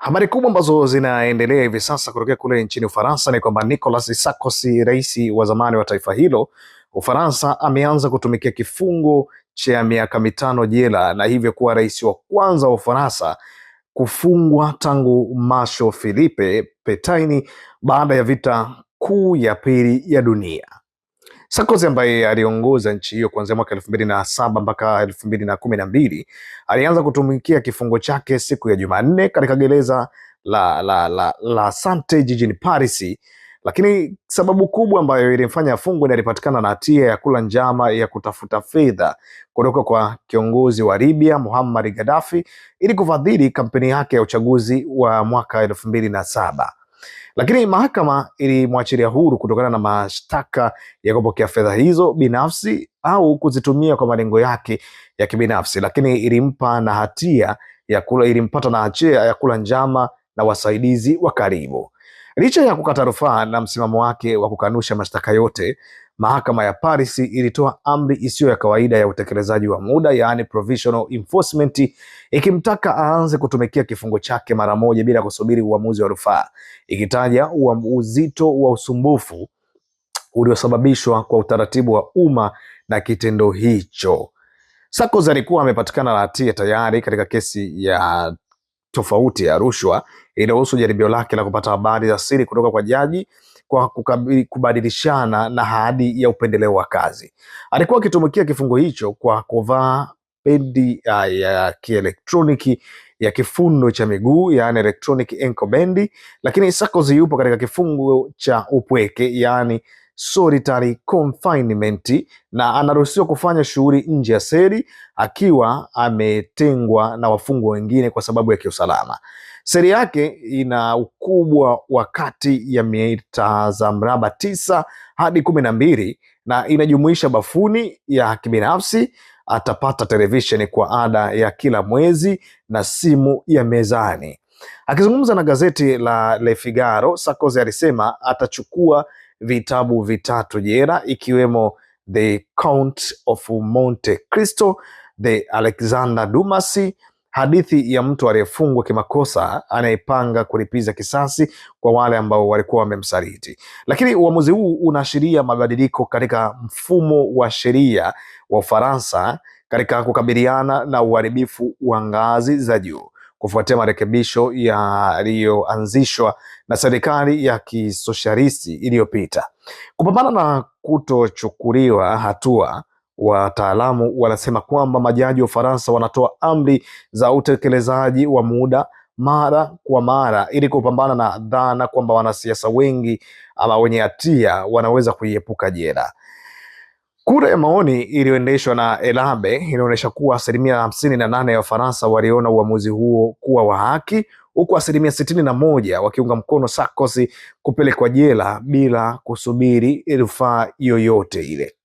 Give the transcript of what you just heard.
Habari kubwa ambazo zinaendelea hivi sasa kutokea kule nchini Ufaransa ni kwamba Nicolas Sarkozy, rais wa zamani wa taifa hilo Ufaransa, ameanza kutumikia kifungo cha miaka mitano jela na hivyo kuwa rais wa kwanza wa Ufaransa kufungwa tangu Marshal Philippe Petaini baada ya vita kuu ya pili ya dunia. Sarkozy ambaye aliongoza nchi hiyo kuanzia mwaka elfu mbili na saba mpaka elfu mbili na kumi na mbili alianza kutumikia kifungo chake siku ya Jumanne katika gereza la, la, la, la Sante jijini Paris, lakini sababu kubwa ambayo ilimfanya afungwe ni alipatikana na hatia ya kula njama ya kutafuta fedha kutoka kwa kiongozi wa Libya Muhammad Gaddafi ili kufadhili kampeni yake ya uchaguzi wa mwaka elfu mbili na saba. Lakini mahakama ilimwachilia huru kutokana na mashtaka ya kupokea fedha hizo binafsi au kuzitumia kwa malengo yake ya kibinafsi, lakini ilimpa na hatia ya kula, ilimpata na hatia ya kula njama na wasaidizi wa karibu. Licha ya kukata rufaa na msimamo wake wa kukanusha mashtaka yote, mahakama ya Paris ilitoa amri isiyo ya kawaida ya utekelezaji wa muda, yaani provisional enforcement, ikimtaka aanze kutumikia kifungo chake mara moja bila kusubiri uamuzi wa rufaa, ikitaja uzito wa usumbufu uliosababishwa kwa utaratibu wa umma na kitendo hicho. Sarkozy alikuwa amepatikana na hatia tayari katika kesi ya tofauti ya rushwa inahusu jaribio lake la kupata habari za siri kutoka kwa jaji kwa kubadilishana na hadi ya upendeleo wa kazi. Alikuwa akitumikia kifungo hicho kwa kuvaa bendi ah, ya kielektroniki ya kifundo cha miguu yani electronic ankle band, lakini Sarkozy yupo katika kifungo cha upweke yaani solitary confinement na anaruhusiwa kufanya shughuli nje ya seli akiwa ametengwa na wafungwa wengine kwa sababu ya kiusalama. Seli yake ina ukubwa wa kati ya mita za mraba tisa hadi kumi na mbili na inajumuisha bafuni ya kibinafsi. Atapata televisheni kwa ada ya kila mwezi na simu ya mezani. Akizungumza na gazeti la Le Figaro, Sarkozy alisema atachukua vitabu vitatu jera ikiwemo The Count of Monte Cristo, The Alexander Dumas, hadithi ya mtu aliyefungwa kimakosa anayepanga kulipiza kisasi kwa wale ambao walikuwa wamemsaliti. Lakini uamuzi huu unaashiria mabadiliko katika mfumo wa sheria wa Ufaransa katika kukabiliana na uharibifu wa ngazi za juu kufuatia marekebisho yaliyoanzishwa na serikali ya kisosialisti iliyopita. Kupambana na kutochukuliwa hatua, wataalamu wanasema kwamba majaji wa Ufaransa wanatoa amri za utekelezaji wa muda mara kwa mara ili kupambana na dhana kwamba wanasiasa wengi ama wenye hatia wanaweza kuiepuka jela. Kura ya maoni iliyoendeshwa na Elabe inaonyesha kuwa asilimia hamsini na nane ya Wafaransa waliona uamuzi huo kuwa wa haki, huku asilimia sitini na moja wakiunga mkono Sarkozy kupelekwa jela bila kusubiri rufaa yoyote ile.